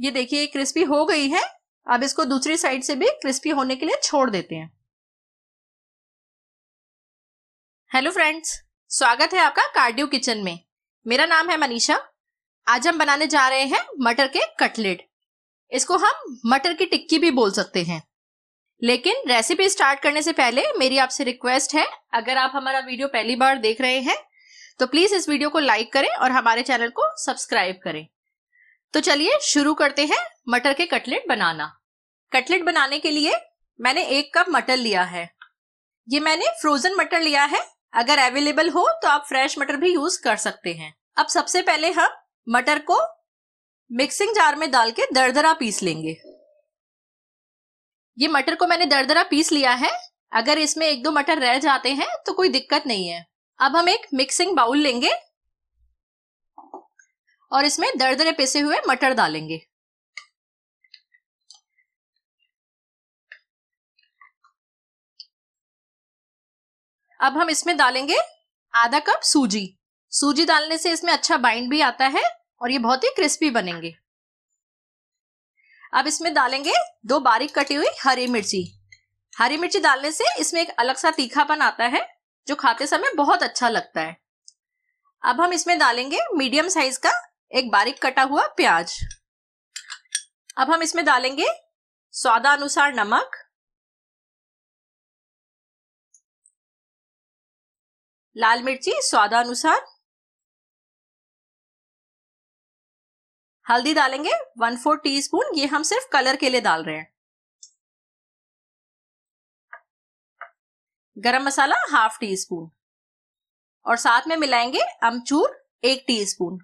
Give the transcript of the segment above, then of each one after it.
ये देखिए क्रिस्पी हो गई है अब इसको दूसरी साइड से भी क्रिस्पी होने के लिए छोड़ देते हैं हेलो फ्रेंड्स स्वागत है आपका कार्डियो किचन में मेरा नाम है मनीषा आज हम बनाने जा रहे हैं मटर के कटलेट इसको हम मटर की टिक्की भी बोल सकते हैं लेकिन रेसिपी स्टार्ट करने से पहले मेरी आपसे रिक्वेस्ट है अगर आप हमारा वीडियो पहली बार देख रहे हैं तो प्लीज इस वीडियो को लाइक करें और हमारे चैनल को सब्सक्राइब करें तो चलिए शुरू करते हैं मटर के कटलेट बनाना कटलेट बनाने के लिए मैंने एक कप मटर लिया है ये मैंने फ्रोजन मटर लिया है अगर अवेलेबल हो तो आप फ्रेश मटर भी यूज कर सकते हैं अब सबसे पहले हम मटर को मिक्सिंग जार में डाल के दरदरा पीस लेंगे ये मटर को मैंने दरदरा पीस लिया है अगर इसमें एक दो मटर रह जाते हैं तो कोई दिक्कत नहीं है अब हम एक मिक्सिंग बाउल लेंगे और इसमें दरदरे पिसे हुए मटर डालेंगे अब हम इसमें डालेंगे आधा कप सूजी सूजी डालने से इसमें अच्छा बाइंड भी आता है और ये बहुत ही क्रिस्पी बनेंगे अब इसमें डालेंगे दो बारीक कटी हुई हरी मिर्ची हरी मिर्ची डालने से इसमें एक अलग सा तीखापन आता है जो खाते समय बहुत अच्छा लगता है अब हम इसमें डालेंगे मीडियम साइज का एक बारीक कटा हुआ प्याज अब हम इसमें डालेंगे स्वादानुसार नमक लाल मिर्ची स्वादानुसार हल्दी डालेंगे वन फोर टीस्पून ये हम सिर्फ कलर के लिए डाल रहे हैं गरम मसाला हाफ टी स्पून और साथ में मिलाएंगे अमचूर एक टीस्पून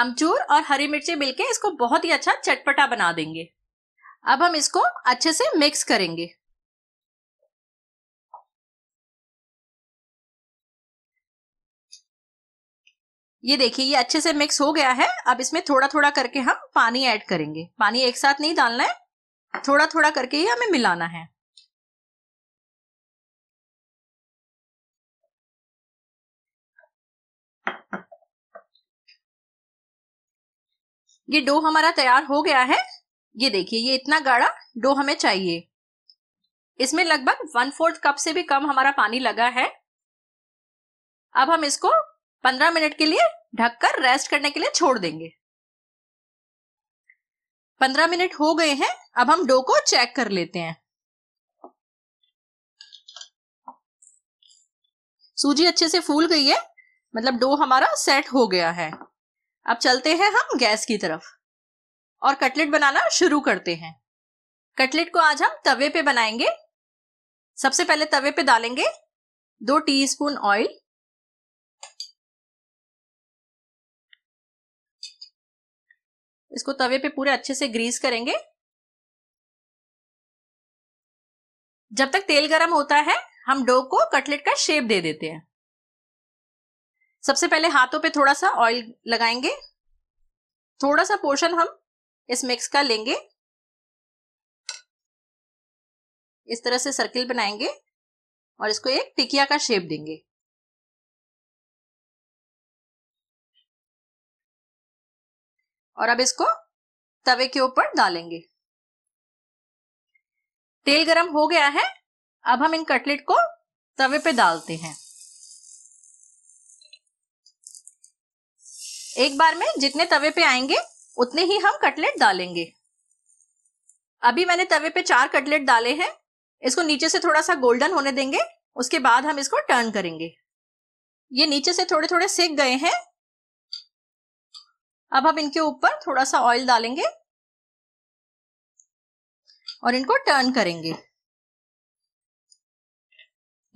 अमचूर और हरी मिर्ची मिलके इसको बहुत ही अच्छा चटपटा बना देंगे अब हम इसको अच्छे से मिक्स करेंगे ये देखिए ये अच्छे से मिक्स हो गया है अब इसमें थोड़ा थोड़ा करके हम पानी ऐड करेंगे पानी एक साथ नहीं डालना है थोड़ा थोड़ा करके ही हमें मिलाना है ये डो हमारा तैयार हो गया है ये देखिए ये इतना गाढ़ा डो हमें चाहिए इसमें लगभग वन फोर्थ कप से भी कम हमारा पानी लगा है अब हम इसको 15 मिनट के लिए ढककर रेस्ट करने के लिए छोड़ देंगे 15 मिनट हो गए हैं अब हम डो को चेक कर लेते हैं सूजी अच्छे से फूल गई है मतलब डो हमारा सेट हो गया है अब चलते हैं हम गैस की तरफ और कटलेट बनाना शुरू करते हैं कटलेट को आज हम तवे पे बनाएंगे सबसे पहले तवे पे डालेंगे दो टीस्पून ऑयल इसको तवे पे पूरे अच्छे से ग्रीस करेंगे जब तक तेल गरम होता है हम डो को कटलेट का शेप दे देते हैं सबसे पहले हाथों पे थोड़ा सा ऑयल लगाएंगे थोड़ा सा पोर्शन हम इस मिक्स का लेंगे इस तरह से सर्किल बनाएंगे और इसको एक टिकिया का शेप देंगे और अब इसको तवे के ऊपर डालेंगे तेल गरम हो गया है अब हम इन कटलेट को तवे पे डालते हैं एक बार में जितने तवे पे आएंगे उतने ही हम कटलेट डालेंगे अभी मैंने तवे पे चार कटलेट डाले हैं इसको नीचे से थोड़ा सा गोल्डन होने देंगे उसके बाद हम इसको टर्न करेंगे ये नीचे से थोड़े थोड़े सेक गए हैं अब हम इनके ऊपर थोड़ा सा ऑयल डालेंगे और इनको टर्न करेंगे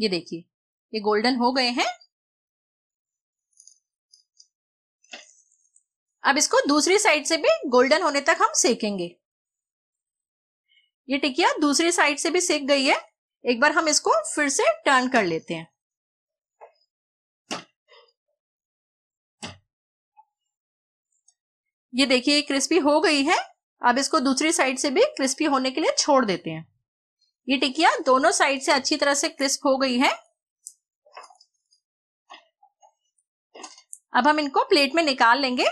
ये देखिए ये गोल्डन हो गए हैं अब इसको दूसरी साइड से भी गोल्डन होने तक हम सेकेंगे ये टिकिया दूसरी साइड से भी सेक गई है एक बार हम इसको फिर से टर्न कर लेते हैं ये देखिए क्रिस्पी हो गई है अब इसको दूसरी साइड से भी क्रिस्पी होने के लिए छोड़ देते हैं ये टिकिया दोनों साइड से अच्छी तरह से क्रिस्प हो गई है अब हम इनको प्लेट में निकाल लेंगे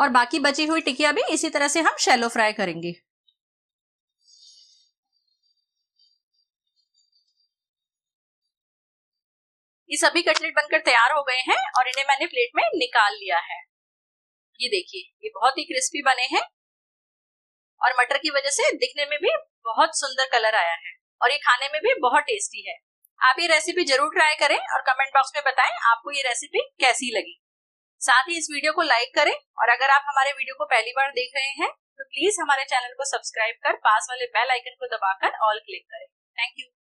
और बाकी बची हुई टिकिया भी इसी तरह से हम शेलो फ्राई करेंगे ये सभी कटलेट बनकर तैयार हो गए हैं और इन्हें मैंने प्लेट में निकाल लिया है ये देखिए ये बहुत ही क्रिस्पी बने हैं और मटर की वजह से दिखने में भी बहुत सुंदर कलर आया है और ये खाने में भी बहुत टेस्टी है आप ये रेसिपी जरूर ट्राई करें और कमेंट बॉक्स में बताएं आपको ये रेसिपी कैसी लगी साथ ही इस वीडियो को लाइक करें और अगर आप हमारे वीडियो को पहली बार देख रहे हैं तो प्लीज हमारे चैनल को सब्सक्राइब कर पास वाले बेल आइकन को दबाकर ऑल क्लिक करें थैंक यू